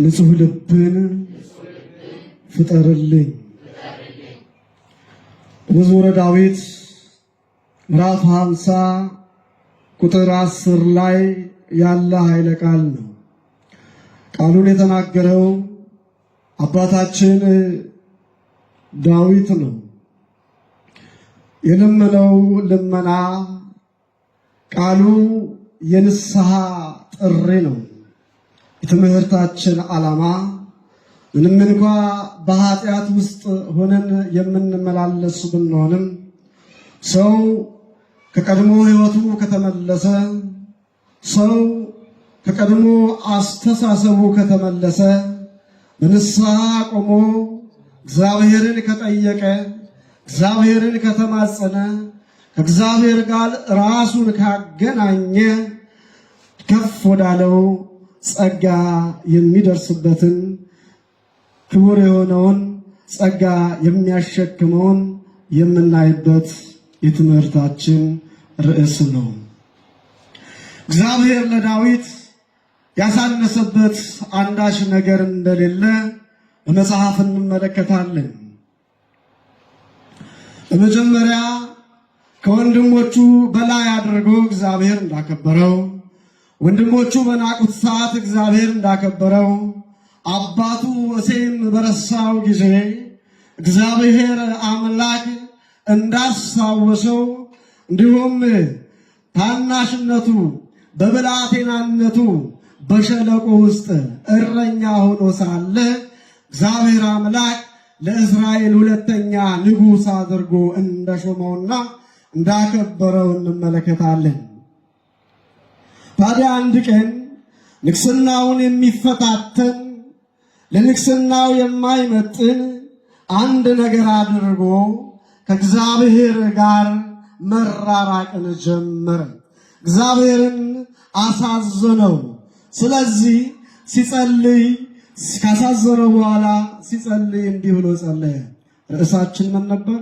ንጹሕ ልብን ፍጠርልኝ። በመዝሙረ ዳዊት ምዕራፍ ሃምሳ ቁጥር አስር ላይ ያለ ኃይለ ቃል ነው። ቃሉን የተናገረው አባታችን ዳዊት ነው። የለመነው ልመና ቃሉ የንስሐ ጥሪ ነው። የትምህርታችን ዓላማ ምንም እንኳ በኃጢአት ውስጥ ሆነን የምንመላለስ ብንሆንም ሰው ከቀድሞ ሕይወቱ ከተመለሰ ሰው ከቀድሞ አስተሳሰቡ ከተመለሰ በንስሐ ቆሞ እግዚአብሔርን ከጠየቀ እግዚአብሔርን ከተማጸነ ከእግዚአብሔር ጋር ራሱን ካገናኘ ከፍ ወዳለው ጸጋ የሚደርስበትን ክቡር የሆነውን ጸጋ የሚያሸክመውን የምናይበት የትምህርታችን ርዕስ ነው። እግዚአብሔር ለዳዊት ያሳነሰበት አንዳች ነገር እንደሌለ በመጽሐፍ እንመለከታለን። በመጀመሪያ ከወንድሞቹ በላይ አድርጎ እግዚአብሔር እንዳከበረው ወንድሞቹ በናቁት ሰዓት እግዚአብሔር እንዳከበረው አባቱ ወሴም በረሳው ጊዜ እግዚአብሔር አምላክ እንዳስታወሰው እንዲሁም ታናሽነቱ በብላቴናነቱ በሸለቆ ውስጥ እረኛ ሆኖ ሳለ እግዚአብሔር አምላክ ለእስራኤል ሁለተኛ ንጉሥ አድርጎ እንደሾመውና እንዳከበረው እንመለከታለን። ታዲያ አንድ ቀን ንግስናውን የሚፈታተን ለንግስናው የማይመጥን አንድ ነገር አድርጎ ከእግዚአብሔር ጋር መራራቅን ጀመረ። እግዚአብሔርን አሳዘነው። ስለዚህ ሲጸልይ ካሳዘነው በኋላ ሲጸልይ እንዲህ ብሎ ጸለየ። ርዕሳችን ምን ነበር?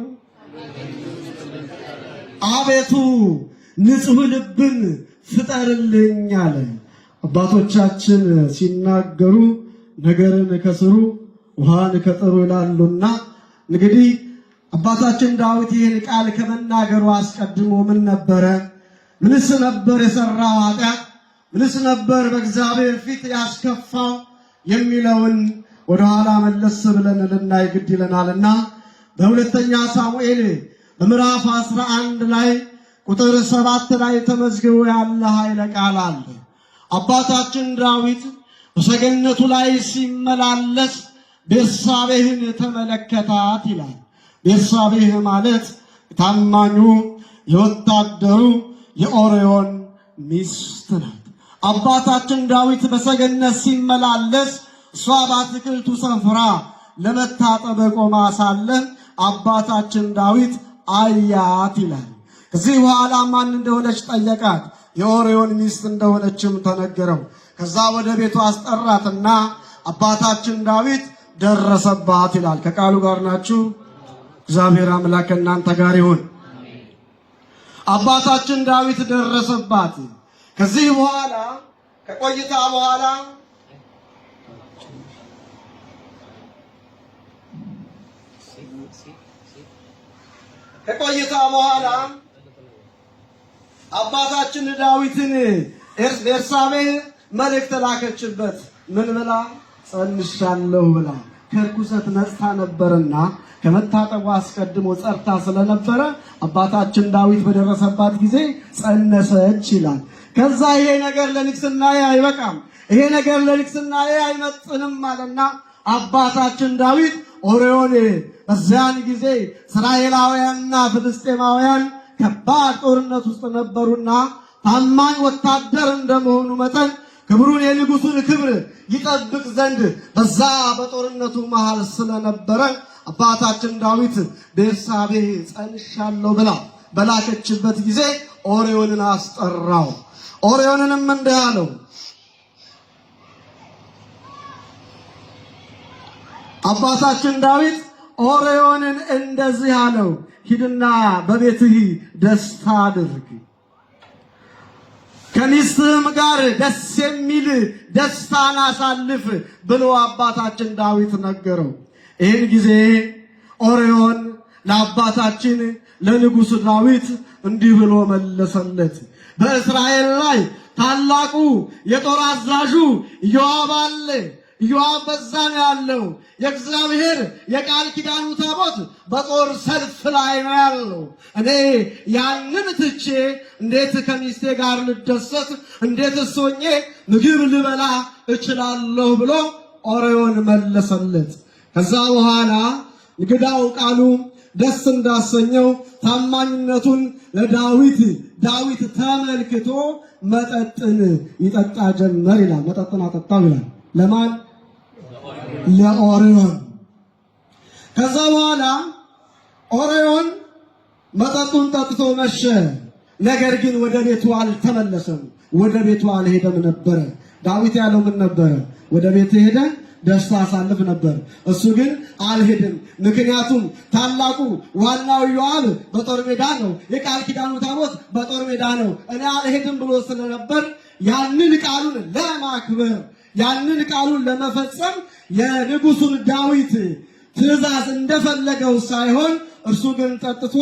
አቤቱ ንጹሕ ልብን ፍጠርልኝ አለ። አባቶቻችን ሲናገሩ ነገርን ከስሩ ውሃን ከጥሩ ይላሉና እንግዲህ አባታችን ዳዊት ይህን ቃል ከመናገሩ አስቀድሞ ምን ነበረ? ምንስ ነበር የሰራው ኃጢአት? ምንስ ነበር በእግዚአብሔር ፊት ያስከፋው የሚለውን ወደኋላ መለስ ብለን ልናይ ግድ ይለናልና በሁለተኛ ሳሙኤል በምዕራፍ አንድ ላይ ቁጥር ሰባት ላይ ተመዝግቦ ያለ ኃይለ ቃል አለ። አባታችን ዳዊት በሰገነቱ ላይ ሲመላለስ ቤርሳቤህን ተመለከታት ይላል። ቤርሳቤህ ማለት ታማኙ የወታደሩ የኦርዮን ሚስት ናት። አባታችን ዳዊት በሰገነት ሲመላለስ እሷ በአትክልቱ ሰፍራ ለመታጠብ ቆማ ሳለ አባታችን ዳዊት አያት ይላል። ከዚህ በኋላ ማን እንደሆነች ጠየቃት። የኦርዮን ሚስት እንደሆነችም ተነገረው። ከዛ ወደ ቤቱ አስጠራትና አባታችን ዳዊት ደረሰባት ይላል። ከቃሉ ጋር ናችሁ። እግዚአብሔር አምላክ ከእናንተ ጋር ይሁን። አባታችን ዳዊት ደረሰባት። ከዚህ በኋላ ከቆይታ በኋላ ከቆይታ በኋላ አባታችን ዳዊትን ኤርሳቤ መልእክት ላከችበት። ምን ብላ? ጸንሻለሁ ብላ ከርኩሰት ነጽታ ነበርና ከመታጠቡ አስቀድሞ ጸርታ ስለነበረ አባታችን ዳዊት በደረሰባት ጊዜ ጸነሰች ይላል። ከዛ ይሄ ነገር ለንግስናዬ አይበቃም፣ ይሄ ነገር ለንግስናዬ አይመጥንም አለና አባታችን ዳዊት ኦሪዮን፣ በዚያን ጊዜ እስራኤላውያንና ፍልስጤማውያን ከባድ ጦርነት ውስጥ ነበሩና ታማኝ ወታደር እንደመሆኑ መጠን ክብሩን የንጉሱን ክብር ይጠብቅ ዘንድ በዛ በጦርነቱ መሃል ስለነበረ አባታችን ዳዊት ቤርሳቤ ጸንሻለሁ ብላ በላከችበት ጊዜ ኦርዮንን አስጠራው። ኦርዮንንም እንዲህ አለው፣ አባታችን ዳዊት ኦርዮንን እንደዚህ አለው፣ ሂድና በቤትህ ደስታ አድርግ፣ ከሚስትህም ጋር ደስ የሚል ደስታን አሳልፍ ብሎ አባታችን ዳዊት ነገረው። ይህን ጊዜ ኦርዮን ለአባታችን ለንጉሥ ዳዊት እንዲህ ብሎ መለሰለት። በእስራኤል ላይ ታላቁ የጦር አዛዡ ኢዮአብ አለ። ኢዮአብ በዛ ነው ያለው። የእግዚአብሔር የቃል ኪዳኑ ታቦት በጦር ሰልፍ ላይ ነው ያለው። እኔ ያንን ትቼ እንዴት ከሚስቴ ጋር ልደሰት፣ እንዴት እሶኜ ምግብ ልበላ እችላለሁ ብሎ ኦርዮን መለሰለት። ከዛ በኋላ እንግዳው ቃሉ ደስ እንዳሰኘው ታማኝነቱን ለዳዊት ዳዊት ተመልክቶ መጠጥን ይጠጣ ጀመር ይላል። መጠጥን አጠጣው ይላል ለማን ለኦሪዮን ከዛ በኋላ ኦሪዮን መጠጡን ጠጥቶ መሸ። ነገር ግን ወደ ቤቱ አልተመለሰም፣ ወደ ቤቱ አልሄደም ነበረ። ዳዊት ያለው ምን ነበረ? ወደ ቤት ሄደ ደስታ አሳልፍ ነበር። እሱ ግን አልሄድም። ምክንያቱም ታላቁ ዋናው ዮአብ በጦር ሜዳ ነው፣ የቃል ኪዳኑ ታቦት በጦር ሜዳ ነው። እኔ አልሄድም ብሎ ስለነበር ያንን ቃሉን ለማክበር ያንን ቃሉን ለመፈጸም የንጉሱን ዳዊት ትእዛዝ እንደፈለገው ሳይሆን እርሱ ግን ጠጥቶ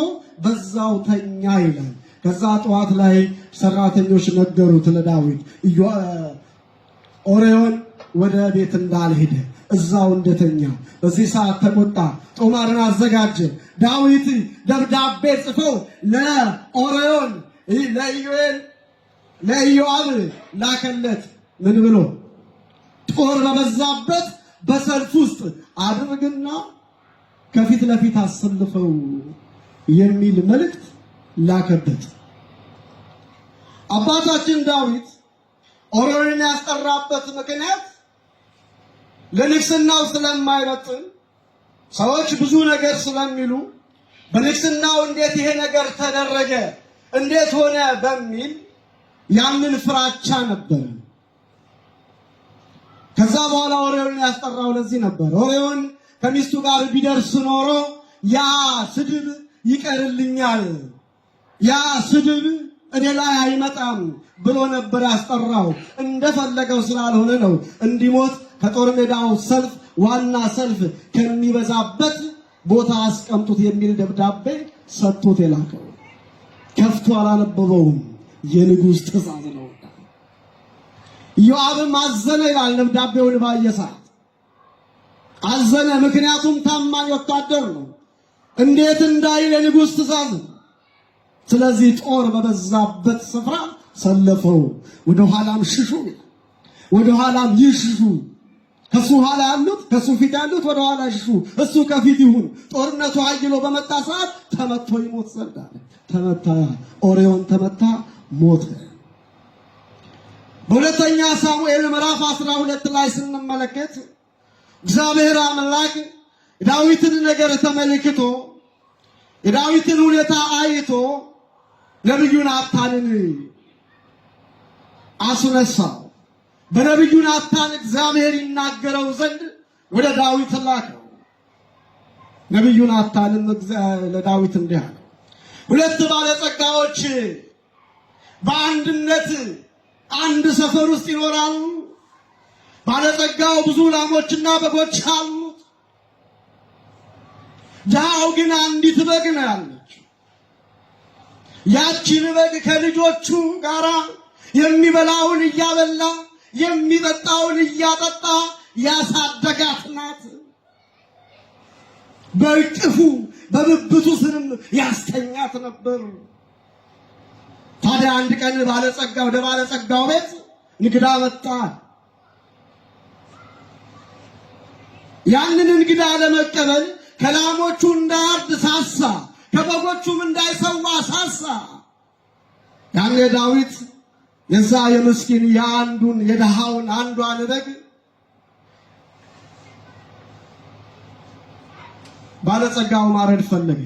በዛው ተኛ ይላል። ከዛ ጠዋት ላይ ሰራተኞች ነገሩት ለዳዊት ኦሬዮን ወደ ቤት እንዳልሄደ እዛው እንደተኛ በዚህ ሰዓት ተቆጣ። ጦማርን አዘጋጀ። ዳዊት ደብዳቤ ጽፎ ለኦሬዮን ለኢዮኤል ለኢዮአብ ላከለት ምን ብሎ ጦር በበዛበት በሰልፍ ውስጥ አድርግና ከፊት ለፊት አሰልፈው የሚል መልእክት ላከበት። አባታችን ዳዊት ኦሮንን ያስጠራበት ምክንያት ለንግስናው ስለማይረጥን ሰዎች ብዙ ነገር ስለሚሉ በንግስናው እንዴት ይሄ ነገር ተደረገ፣ እንዴት ሆነ በሚል ያንን ፍራቻ ነበር። ከዛ በኋላ ኦርዮንን ያስጠራው ለዚህ ነበር። ኦርዮን ከሚስቱ ጋር ቢደርስ ኖሮ ያ ስድብ ይቀርልኛል፣ ያ ስድብ እኔ ላይ አይመጣም ብሎ ነበር ያስጠራው። እንደፈለገው ስላልሆነ ነው እንዲሞት ከጦር ሜዳው ሰልፍ ዋና ሰልፍ ከሚበዛበት ቦታ አስቀምጡት የሚል ደብዳቤ ሰጥቶት የላከው። ከፍቶ አላነበበውም። የንጉሥ ትእዛዝ ነው። ኢዮአብም አዘነ ይላል ደብዳቤውን ባየ ሰዓት አዘነ። ምክንያቱም ታማኝ ወታደር ነው። እንዴት እንዳይል የንጉሥ ትእዛዝ። ስለዚህ ጦር በበዛበት ስፍራ ሰለፈው። ወደ ኋላም ሽሹ፣ ወደ ኋላም ይሽሹ። ከሱ ኋላ ያሉት ከሱ ፊት ያሉት ወደ ኋላ ይሽሹ፣ እሱ ከፊት ይሁን። ጦርነቱ አይሎ በመጣ ሰዓት ተመቶ ይሞት ዘንድ አለ። ተመታ፣ ኦሪዮን ተመታ፣ ሞተ። በሁለተኛ ሳሙኤል ምዕራፍ አስራ ሁለት ላይ ስንመለከት እግዚአብሔር አምላክ የዳዊትን ነገር ተመልክቶ የዳዊትን ሁኔታ አይቶ ነቢዩ ናታንን አስነሳው። በነቢዩ ናታን እግዚአብሔር ይናገረው ዘንድ ወደ ዳዊት ላከው። ነቢዩ ናታንም ለዳዊት እንዲህ አለ፣ ሁለት ባለጸጋዎች በአንድነት አንድ ሰፈር ውስጥ ይኖራል። ባለጸጋው ብዙ ላሞችና በጎች አሉት። ድሃው ግን አንዲት በግ ነው ያለች። ያችን በግ ከልጆቹ ጋራ የሚበላውን እያበላ የሚጠጣውን እያጠጣ ያሳደጋት ናት። በእቅፉ በብብቱ ስርም ያስተኛት ነበር። ታዲያ አንድ ቀን ባለጸጋ ወደ ባለጸጋው ቤት እንግዳ መጣ። ያንን እንግዳ ለመቀበል ከላሞቹ እንዳርድ ሳሳ፣ ከበጎቹም እንዳይሰዋ ሳሳ። ያኔ ዳዊት የዛ የምስኪን የአንዱን የድሃውን አንዷን በግ ባለጸጋው ማረድ ፈለገ።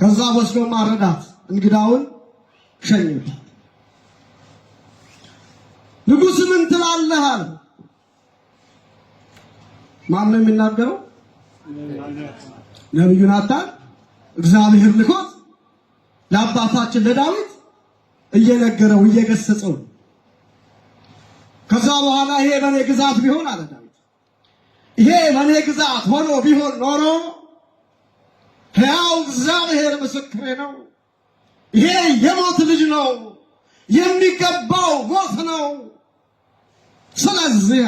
ከዛ ወስዶ ማረዳት እንግዳውን ሸኝቷል። ንጉስ ምን ትላለህ? ማን ነው የሚናገረው? ነብዩ ናታን እግዚአብሔር ልኮት ለአባታችን ለዳዊት እየነገረው እየገሰጸው። ከዛ በኋላ ይሄ በኔ ግዛት ቢሆን አለ ዳዊት፣ ይሄ በኔ ግዛት ሆኖ ቢሆን ኖሮ ሕያው እግዚአብሔር ምስክሬ ነው። ይሄ የሞት ልጅ ነው፣ የሚገባው ሞት ነው። ስለዚህ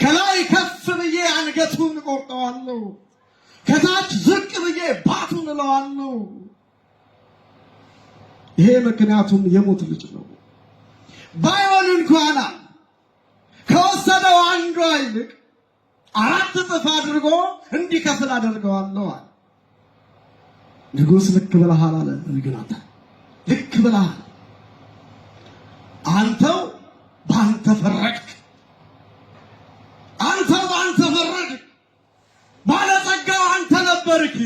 ከላይ ከፍ ብዬ አንገቱን እቆርጠዋለሁ፣ ከታች ዝቅ ብዬ ባቱን እለዋለሁ። ይሄ ምክንያቱም የሞት ልጅ ነው። ባይሆን እንኳን ከወሰደው አንዷ ይልቅ አራት እጥፍ አድርጎ እንዲከፍል አለ። ንጉሥ ልክ ብለሃል አለ። ግን አንተ ልክ ብለሃል፣ አንተው በአንተ ፈረድክ፣ አንተው በአንተ ፈረድክ። ባለጸጋው አንተ ነበርክ፣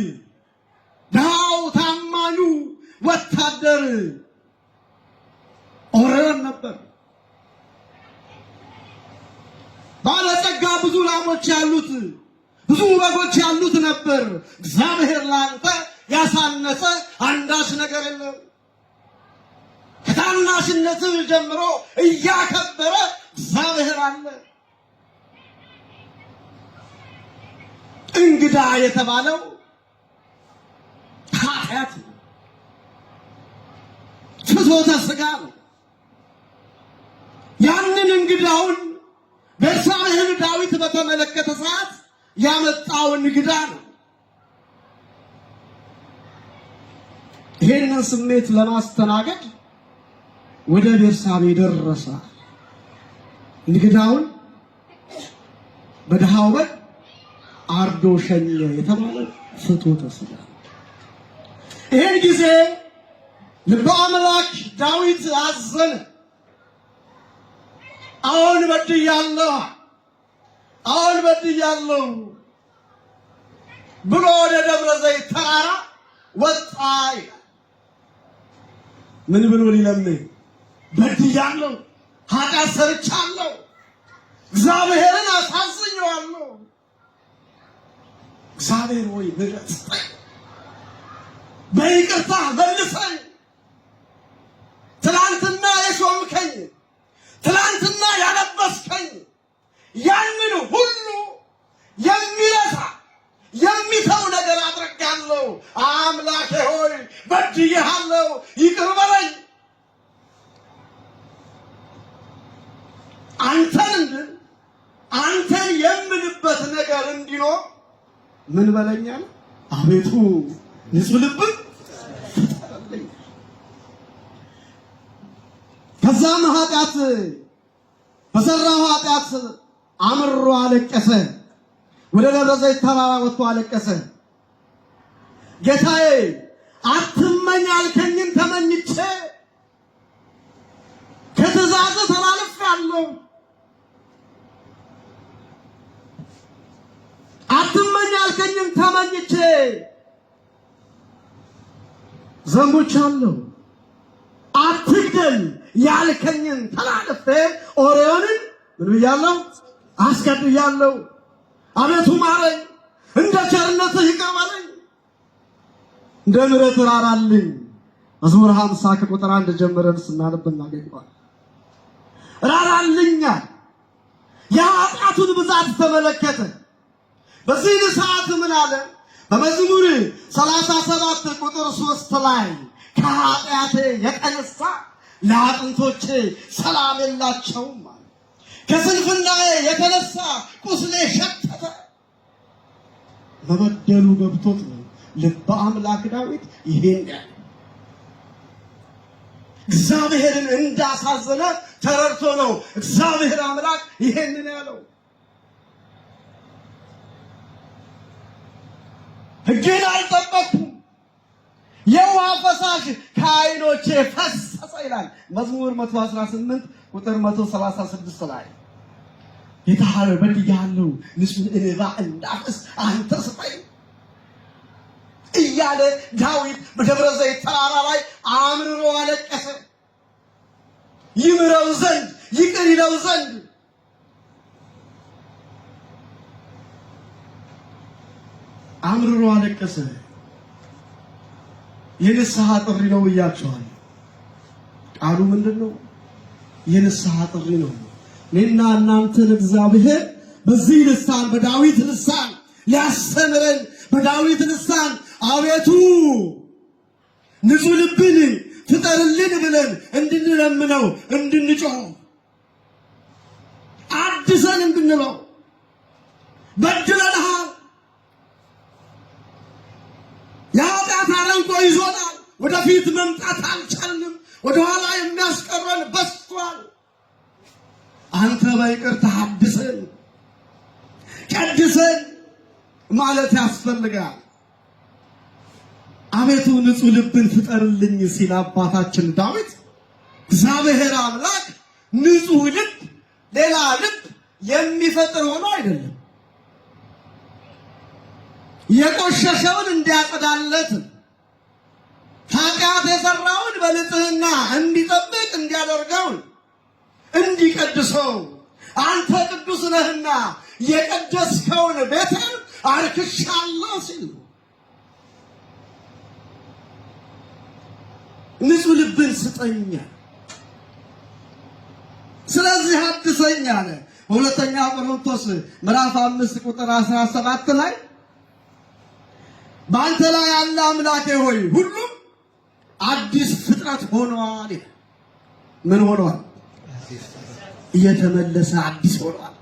ድሃው ታማኙ ወታደር ኦርዮን ነበር። ባለጸጋ ብዙ ላሞች ያሉት ብዙ በጎች ያሉት ነበር። እግዚአብሔር ለአንተ ያሳነሰ አንዳች ነገር የለም። ከታናሽነትህ ጀምሮ እያከበረ እግዚአብሔር አለ። እንግዳ የተባለው ኃጢአት ነው፣ ፍትወተ ስጋ ነው። ያንን እንግዳውን በእግዚአብሔር ዳዊት በተመለከተ ሰዓት ያመጣው እንግዳ ነው። ይሄንን ስሜት ለማስተናገድ ወደ ቤርሳቤ ደረሰ። እንግዳውን በድሃው በግ አርዶ ሸኘ የተባለ ፍትወተ ሥጋ። ይህን ጊዜ ልበ አምላክ ዳዊት አዘነ። አሁን በድያለሁ፣ አሁን በድያለሁ ብሎ ወደ ደብረ ዘይት ተራራ ወጣ። ምን ብሎ ሊለምነኝ? በድያለሁ፣ ኃጢአት ሰርቻለሁ፣ እግዚአብሔርን አሳዝኘዋለሁ። እግዚአብሔር ወይ ምሕረት በይቅርታ መልሰኝ። ትላንትና የሾምከኝ፣ ትላንትና ያለበስከኝ ያንን ሁሉ የሚረሳ የሚተው ነገር አድርጋለሁ። አምላኬ ሆይ በድያለሁ፣ ይቅር በለኝ። አንተን እንድን አንተን የምልበት ነገር እንዲኖር ምን በለኛል። አቤቱ ንጹህ ልብን ከዛም ኃጢአት በሰራው ኃጢአት አምሮ አለቀሰ። ወደ ደብረ ዘይት ተራራ ወጥቶ አለቀሰ። ጌታዬ አትመኝ አልከኝም ተመኝቼ ከትእዛዝ ተላልፌአለሁ። አትመኝ አልከኝም ተመኝቼ ዘንቦቻለሁ። አትግደል ያልከኝን ተላልፌ ኦሪዮንን ምን ብያለሁ? አስገድያለሁ። አቤቱ ማረኝ፣ እንደ ቸርነትህ ይቀበለኝ፣ እንደ ምሕረትህ ራራልኝ። መዝሙር 50 ከቁጥር አንድ ጀምረን ስናነብ እናገኘዋለን። ራራልኛል፣ የኃጢአቱን ብዛት ተመለከተ። በዚህ ሰዓት ምን አለ? በመዝሙር 37 ቁጥር 3 ላይ ከኃጢአቴ የተነሳ ለአጥንቶቼ ሰላም የላቸውም ከስንፍና የተነሳ ቁስሌ ሸተተ። መበደሉ ገብቶት ነው ልበ አምላክ ዳዊት ይሄን ያለ እግዚአብሔርን እንዳሳዘነ ተረድቶ ነው እግዚአብሔር አምላክ ይሄንን ያለው። ሕግን አልጠበቅኩም፣ የውሃ ፈሳሽ ከዓይኖቼ ፈሰሰ ይላል መዝሙር 118 ቁጥር 136 ላይ ጌታ ሆይ በድያለሁ፣ ንጹሕ እንባ እንዳፍስ አንተ ስጠኝ እያለ ዳዊት በደብረ ዘይት ተራራ ላይ አምርሮ አለቀሰ። ይምረው ዘንድ ይቅር ይለው ዘንድ አምርሮ አለቀሰ። የንስሐ ጥሪ ነው ብያችኋል። ቃሉ ምንድን ነው? የንስሐ ጥሪ ነው። እኔና እናንተን እግዚአብሔር በዚህ ልሳን በዳዊት ልሳን ሊያስተምረን በዳዊት ልሳን አቤቱ ንጹሕ ልብን ፍጠርልን ብለን እንድንለምነው እንድንጮህ አድሰን እንድንለው በድለንሃል፣ የኃጢአት አረንቆ ይዞናል፣ ወደፊት መምጣት አልቻልንም። ወደኋላ የሚያስቀረን በስቷል። አንተ በይቅርታ አድሰን ቀድሰን ማለት ያስፈልጋል። አቤቱ ንጹሕ ልብን ፍጠርልኝ ሲል አባታችን ዳዊት እግዚአብሔር አምላክ ንጹሕ ልብ ሌላ ልብ የሚፈጥር ሆኖ አይደለም የቆሸሸውን እንዲያጸዳለት ኃጢአት የሰራውን በንጽህና እንዲጠብቅ እንዲያደርገውን እንዲቀድሰው አንተ ቅዱስ ነህና የቀደስከውን ቤትን አርክሻለሁ ሲል ንጹሕ ልብን ስጠኛ፣ ስለዚህ አድሰኝ አለ። በሁለተኛ ቆሮንቶስ ምዕራፍ አምስት ቁጥር አስራ ሰባት ላይ በአንተ ላይ ያለ አምላኬ ሆይ ሁሉም አዲስ ፍጥረት ሆኗል። ምን ሆኗል? እየተመለሰ አዲስ ሆኗል።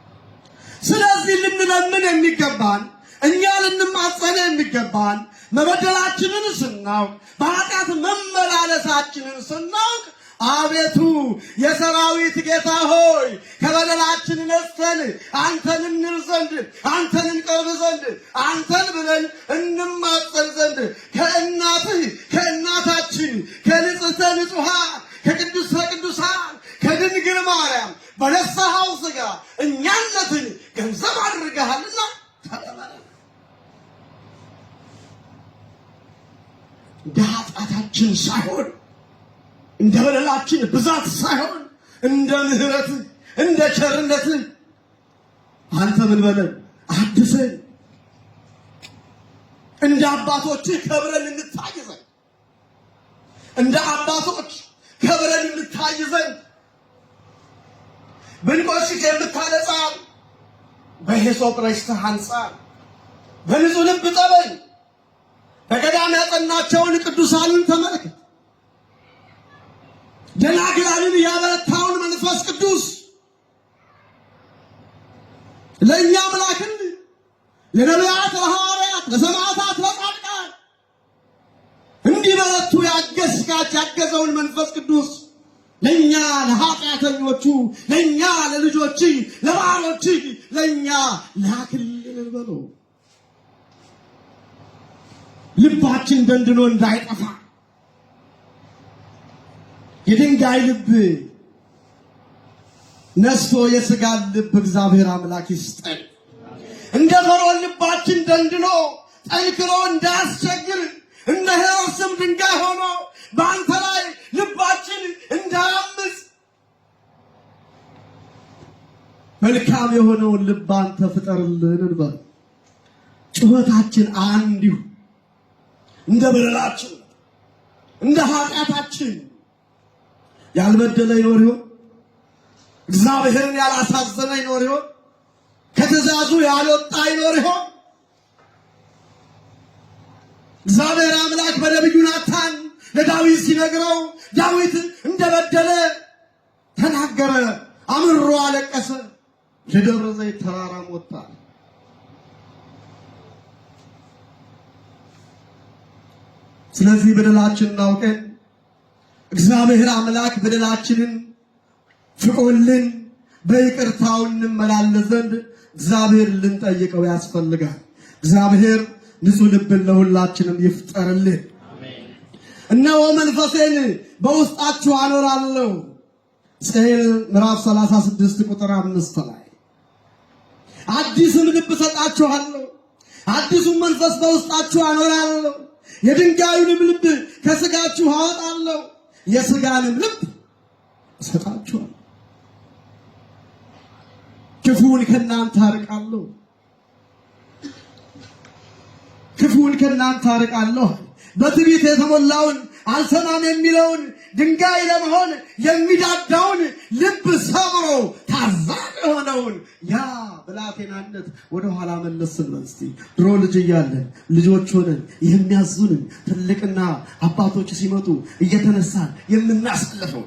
ስለዚህ ልንለምን የሚገባን እኛ ልንማጸነ የሚገባን መበደላችንን ስናውቅ በኃጢአት መመላለሳችንን ስናውቅ አቤቱ የሰራዊት ጌታ ሆይ ከበደላችን ነስተን አንተን እንል ዘንድ አንተን እንቀርብ ዘንድ አንተን ብለን እንማጸን ዘንድ ከእናትህ ከእናታችን ከንጽሕተ ንጹሐን ከቅድስተ ቅዱሳን ከድንግል ማርያም በነሳኸው ሥጋ እኛነትን ገንዘብ አድርገሃልና እንደ ኃጢአታችን ሳይሆን እንደ በደላችን ብዛት ሳይሆን እንደ ምህረት እንደ ቸርነት አንተ ምን በለን አድሰን እንደ አባቶች ከብረን እንታይዘን እንደ አባቶች ከብረን እንታይዘን ብንቆሽሽ የምታነጻ በሂሶጵ ረሽተህ አንጻር በንጹህ ልብ ጠበል በገዳም ያጠናቸውን ቅዱሳንን ተመልከት። ደናግላልን ያበረታውን መንፈስ ቅዱስ ለእኛ ምላክን ለነቢያት፣ ለሐዋርያት፣ ለሰማዕታት፣ ለጻድቃን እንዲበረቱ ያገስጋች ያገዘውን መንፈስ ቅዱስ ለእኛ ለኃጢአተኞቹ፣ ለእኛ ለልጆች፣ ለባሮች፣ ለእኛ ላክልን በሎ ልባችን ደንድኖ እንዳይጠፋ የድንጋይ ልብ ነስቶ የሥጋ ልብ እግዚአብሔር አምላክ ይስጠን። እንደ ፈርዖን ልባችን ደንድኖ ጠንክሮ እንዳያስቸግር እንደ ሕያው ስም ድንጋይ ሆኖ በአንተ ላይ ልባችን እንዳያምፅ መልካም የሆነውን ልብ አንተ ፍጠርልን እንበል። ጩኸታችን አንዲሁ እንደ በደላችን እንደ ኃጢአታችን ያልበደለ ይኖር ይሆን? እግዚአብሔርን ያላሳዘነ ይኖር ይሆን? ከትእዛዙ ያልወጣ ይኖር ይሆን? እግዚአብሔር አምላክ በነቢዩ ናታን ለዳዊት ሲነግረው ዳዊት እንደበደለ ተናገረ። አምሮ አለቀሰ። ለደብረ ዘይት ተራራም ወጣ። ስለዚህ በደላችን እናውቀን እግዚአብሔር አምላክ በደላችንን ፍቆልን በይቅርታው እንመላለስ ዘንድ እግዚአብሔር ልንጠይቀው ያስፈልጋል። እግዚአብሔር ንጹህ ልብን ለሁላችንም ይፍጠርልን። እነሆ መንፈሴን በውስጣችሁ አኖራለሁ ሕዝቅኤል ምዕራፍ 36 ቁጥር አምስት ላይ አዲስም ልብ ሰጣችኋለሁ አዲሱም መንፈስ በውስጣችሁ አኖራለሁ፣ የድንጋዩንም ልብ ከስጋችሁ አወጣለሁ የስጋንም ልብ እሰጣችኋል፣ ክፉውን ከእናንተ አርቃለሁ ክፉውን ከእናንተ አርቃለሁ፣ በትዕቢት የተሞላውን አልሰማም የሚለውን ድንጋይ ለመሆን የሚዳዳውን ልብ ሰብሮ ታዛዥ የሆነውን ያ ብላቴናነት ወደኋላ መለስ ብለን እስቲ ድሮ ልጅ እያለን ልጆች ሆነን የሚያዙንን ትልቅና አባቶች ሲመጡ እየተነሳን የምናሳልፈው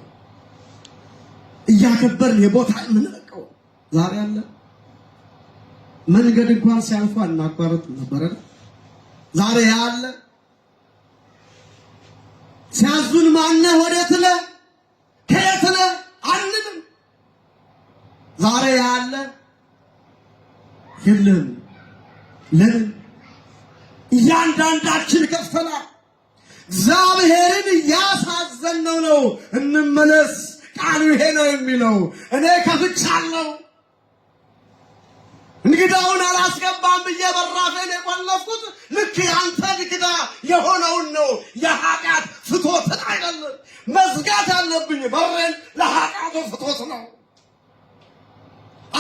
እያከበርን የቦታ የምንለቀው ዛሬ አለ። መንገድ እንኳን ሲያልፉ አናቋርጥ ነበረ። ዛሬ ያለ ሲያዙን ማነ ወዴት ነህ ከየት ነህ አንልም። ዛሬ ያለ የለም። ለምን እያንዳንዳችን ከፈላል። እግዚአብሔርን እያሳዘንነው ነው። እንመለስ፣ ቃሉ ይሄ ነው የሚለው እኔ ከፍቻለሁ እንግዳውን አላስገባም ብዬ በራፌን የቆለፍኩት ልክ ያንተ እንግዳ የሆነውን ነው። የኃጢአት ፍቶትን አይደለም መዝጋት ያለብኝ በሬን ለኃጢአቱ ፍቶት ነው።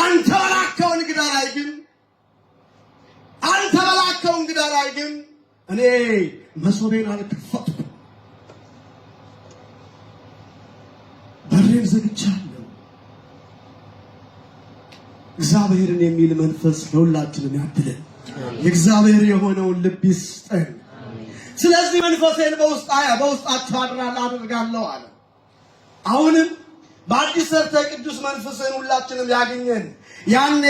አንተ በላከው እንግዳ ላይ ግን አንተ በላከው እንግዳ ላይ ግን እኔ መሶቤን አልከፈትኩም፣ በሬን ዘግቻለሁ። እግዚአብሔርን የሚል መንፈስ ለሁላችንም ያድልን። የእግዚአብሔር የሆነውን ልብ ይስጠን። ስለዚህ መንፈሴን በውስጥ በውስጣችሁ አድርጋለሁ አለ። አሁንም በአዲስ ሰርተ ቅዱስ መንፈስን ሁላችንም ያገኘን። ያኔ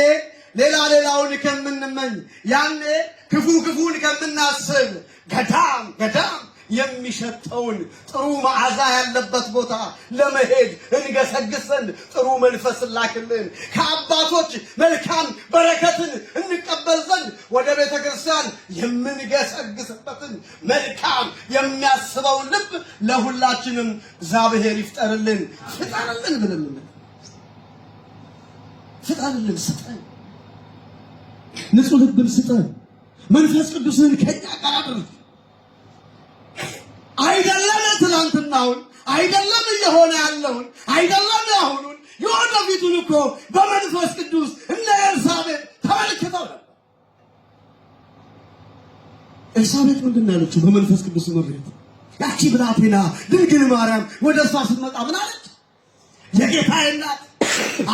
ሌላ ሌላውን ከምንመኝ፣ ያኔ ክፉ ክፉን ከምናስብ ገዳም ገዳም የሚሸጠውን ጥሩ መዓዛ ያለበት ቦታ ለመሄድ እንገሰግስ ዘንድ ጥሩ መንፈስ ላክልን። ከአባቶች መልካም በረከትን እንቀበል ዘንድ ወደ ቤተ ክርስቲያን የምንገሰግስበትን መልካም የሚያስበውን ልብ ለሁላችንም እግዚአብሔር ይፍጠርልን። ፍጠርልን ብለን ፍጠርልን፣ ስጠን፣ ንጹህ ልብን ስጠን፣ መንፈስ ቅዱስን ከኛ ጋር አድርግ የመጣውን አይደለም እየሆነ ያለውን አይደለም ያሁኑን የወደፊቱን እኮ በመንፈስ ቅዱስ እነ ኤልሳቤጥ ተመልክተው ነበር። ኤልሳቤጥ ምንድን ያለችው? በመንፈስ ቅዱስ መሬት ያቺ ብላቴና ድንግል ማርያም ወደ እሷ ስትመጣ ምን አለች? የጌታ እናት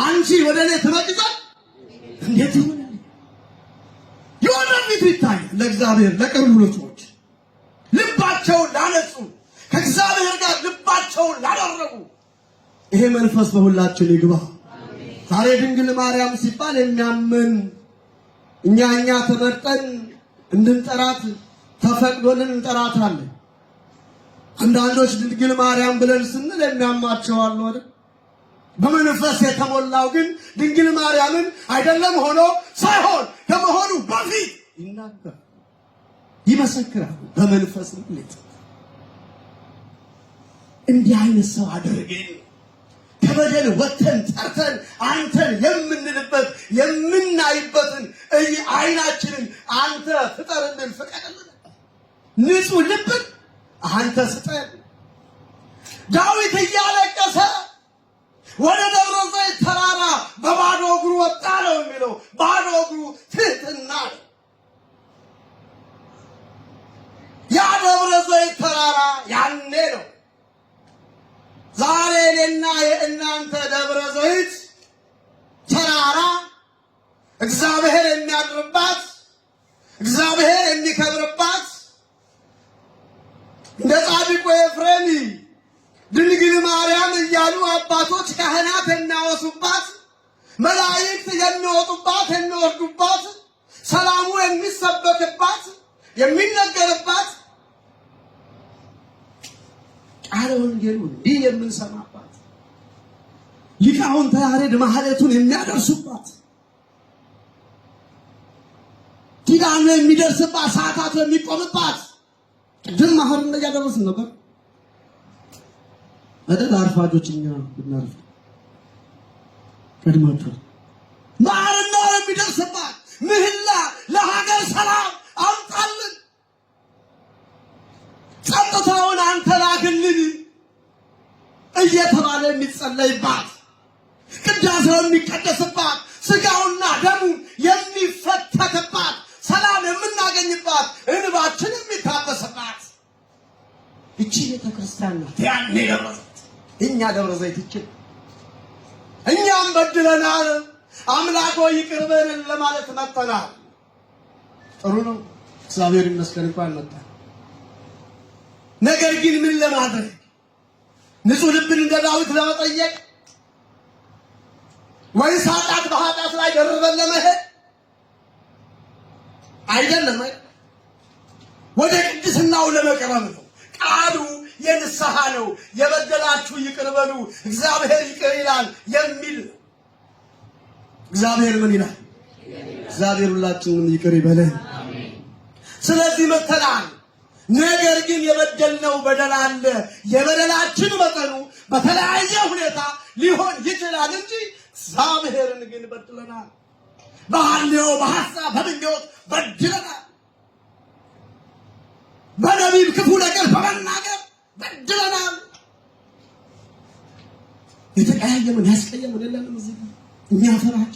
አንቺ ወደ እኔ ትመጭዛል እንዴት ይሆናል? የወደፊቱ ይታያል። ለእግዚአብሔር ለቅርብ ልጆች ልባቸውን ላነጹ ከእግዚአብሔር ጋር ልባቸውን ላደረጉ ይሄ መንፈስ በሁላችን ይግባ። ዛሬ ድንግል ማርያም ሲባል የሚያምን እኛ እኛ ተመርጠን እንድንጠራት ተፈቅዶልን እንጠራታለን። አንዳንዶች ድንግል ማርያም ብለን ስንል የሚያማቸው አሉ በመንፈስ የተሞላው ግን ድንግል ማርያምን አይደለም ሆኖ ሳይሆን ከመሆኑ በፊት ይናገር፣ ይመሰክራል በመንፈስ ምልት እንዲህ አይነት ሰው አድርገን ከበደል ወተን ጠርተን አንተን የምንልበት የምናይበትን አይናችንን አንተ ፍጠርልን፣ ፍቀድልን፣ ንጹህ ልብን አንተ ስጠን። ዳዊት እያለቀሰ ወደ ደብረ ዘይት ተራራ በባዶ እግሩ ወጣ ነው የሚለው። ባዶ እግሩ ትህትና ነው። ያ ደብረ ዘይት ተራራ ያኔ ነው ዛሬ እኔና የእናንተ ደብረ ዘይት ተራራ እግዚአብሔር የሚያድርባት እግዚአብሔር የሚከብርባት እንደ ጻድቁ ኤፍሬም ድንግል ማርያም እያሉ አባቶች ካህናት የሚያወሱባት መላእክት የሚወጡባት የሚወርዱባት ሰላሙ የሚሰበክባት የሚነገርባት ቃለ ወንጌሉ እንዲህ የምንሰማባት ሊቃውንተ ያሬድ ማህሌቱን የሚያደርሱባት ኪዳኑ የሚደርስባት ሰዓታቱ የሚቆምባት ድን ማህርን እያደረስን ነበር አይደል? አርፋጆች እኛ ብናርፍ ቀድማችኋል። ማህርና የሚደርስባት ምህላ ለሀገር ሰላም ጸጥታውን አንተ ላክልን እየተባለ የሚጸለይባት ቅዳሴው የሚቀደስባት ስጋውና ደሙ የሚፈተትባት ሰላም የምናገኝባት እንባችን የሚታበስባት እቺ ቤተ ክርስቲያን ናት። ያኔ ደብረ ዘይት እኛ ደብረ ዘይት ይችል እኛም በድለናል፣ አምላኮ ይቅርበን ለማለት መጠናል። ጥሩ ነው። እግዚአብሔር ይመስገን እንኳን መጣ ነገር ግን ምን ለማድረግ ንጹህ ልብን እንደ ዳዊት ለመጠየቅ ወይስ ኃጢአት በኃጢአት ላይ ደርበን ለመሄድ አይደለም። ወደ ቅድስናው ለመቅረብ ነው። ቃሉ የንስሐ ነው። የበደላችሁ ይቅር በሉ እግዚአብሔር ይቅር ይላል የሚል እግዚአብሔር ምን ይላል? እግዚአብሔር ሁላችንም ይቅር ይበለን። ስለዚህ መተናል ነገር ግን የበደልነው በደል አለ። የበደላችን መጠኑ በተለያየ ሁኔታ ሊሆን ይችላል እንጂ እግዚአብሔርን ግን በድለናል። በሐሌው በሐሳብ በምኞት በድለናል። በነቢብ ክፉ ነገር በመናገር በድለናል። የተቀያየምን ያስቀየምን የለንም። እዚህ እኛ ፈራጭ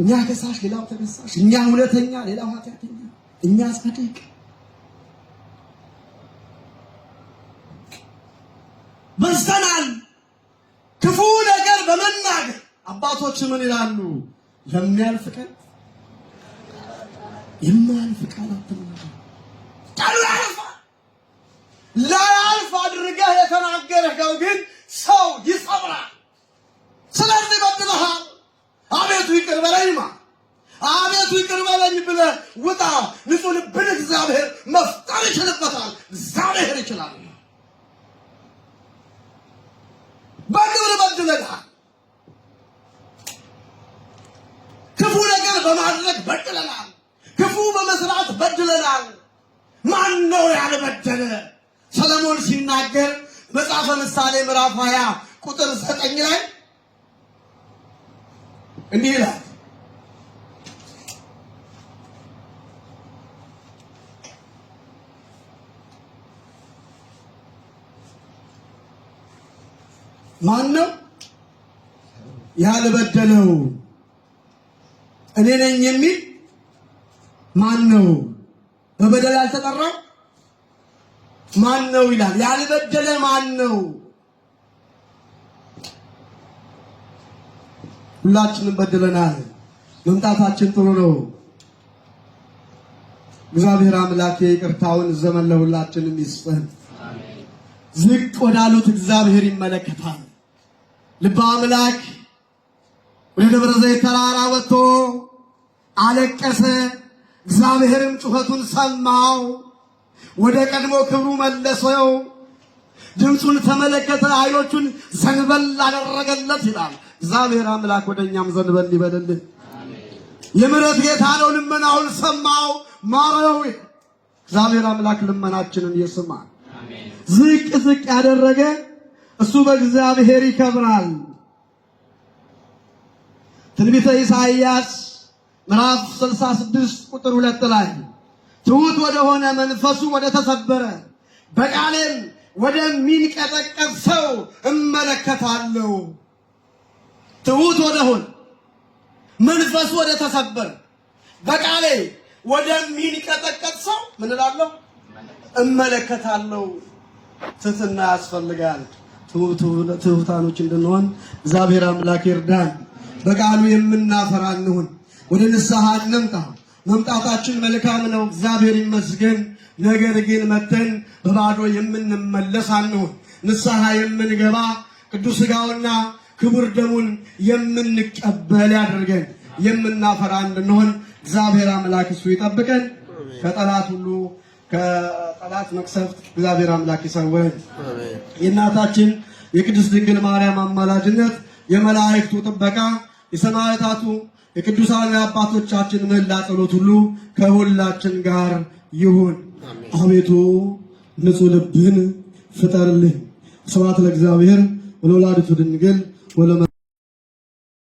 እኛ ከሳሽ ሌላው ተከሳሽ፣ እኛ ሁለተኛ፣ ሌላው ኃጢአተኛ፣ እኛ ጻድቅ በዝተናል። ክፉ ነገር በመናገር አባቶች ምን ይላሉ? ለሚያልፍ ቀን የማያልፍ ቃል አትናገር። ቃሉ ያልፋል። ላያልፍ አድርገህ የተናገርከው ግን ሰው ይሰብራል። ስለዚህ በድለሃል። አቤቱ ይቅር ማ አቤቱ ይቅር በለኝ ብለህ ውጣ። ንጹህ ልብን እግዚአብሔር መፍጠር ይችልበታል። እግዚአብሔር ይችላል። በግብር በድለናል። ክፉ ነገር በማድረግ በድለናል። ክፉ በመስራት በድለናል። ማን ነው ያልበደለ? ሰለሞን ሲናገር መጽሐፈ ምሳሌ ምዕራፍ 20 ቁጥር 9 ላይ እንዲህ ይላል ማን ነው ያልበደለው? እኔ ነኝ የሚል ማን ነው? በበደል ያልተጠራው ማን ነው ይላል። ያልበደለ ማን ነው? ሁላችንም በድለናል። መምጣታችን ጥሩ ነው። እግዚአብሔር አምላክ ይቅርታውን ዘመን ለሁላችንም ይስጠን። ዝቅ ወዳሉት እግዚአብሔር ይመለከታል። ልበ አምላክ ወደ ደብረ ዘይት ተራራ ወጥቶ አለቀሰ። እግዚአብሔርም ጩኸቱን ሰማው፣ ወደ ቀድሞ ክብሩ መለሰው። ድምፁን ተመለከተ፣ ዓይኖቹን ዘንበል አደረገለት ይላል። እግዚአብሔር አምላክ ወደ እኛም ዘንበል ይበልልን። የምሕረት ጌታ ነው። ልመናውን ሰማው፣ ማረው። እግዚአብሔር አምላክ ልመናችንን ይስማ። ዝቅ ዝቅ ያደረገ እሱ በእግዚአብሔር ይከብራል። ትንቢተ ኢሳይያስ ምዕራፍ 66 ቁጥር ሁለት ላይ ትሑት ወደሆነ መንፈሱ ወደ ተሰበረ በቃሌም ወደሚንቀጠቀጥ ሰው እመለከታለሁ። ትሑት ወደ ሆን መንፈሱ ወደ ተሰበር በቃሌ ወደሚንቀጠቀጥ ሰው ምን እላለሁ እመለከታለሁ። ትህትና ያስፈልጋል። ትሑታኖች እንድንሆን እግዚአብሔር አምላክ ይርዳን። በቃሉ የምናፈራ እንሁን። ወደ ንስሐ እንምጣ። መምጣታችን መልካም ነው፣ እግዚአብሔር ይመስገን። ነገር ግን መተን በባዶ የምንመለስ አንሁን። ንስሐ የምንገባ ቅዱስ ሥጋውና ክቡር ደሙን የምንቀበል ያደርገን የምናፈራ እንድንሆን እግዚአብሔር አምላክ እሱ ይጠብቀን። ከጠላት ሁሉ ከጠላት መቅሰፍት እግዚአብሔር አምላክ ይሰወን። የእናታችን የቅድስት ድንግል ማርያም አማላጅነት፣ የመላእክቱ ጥበቃ፣ የሰማዕታቱ የቅዱሳን አባቶቻችን ምህላ ጸሎት ሁሉ ከሁላችን ጋር ይሁን። አቤቱ ንጹሕ ልብን ፍጠርልኝ። ስብሐት ለእግዚአብሔር ወለወላዲቱ ድንግል Voilà,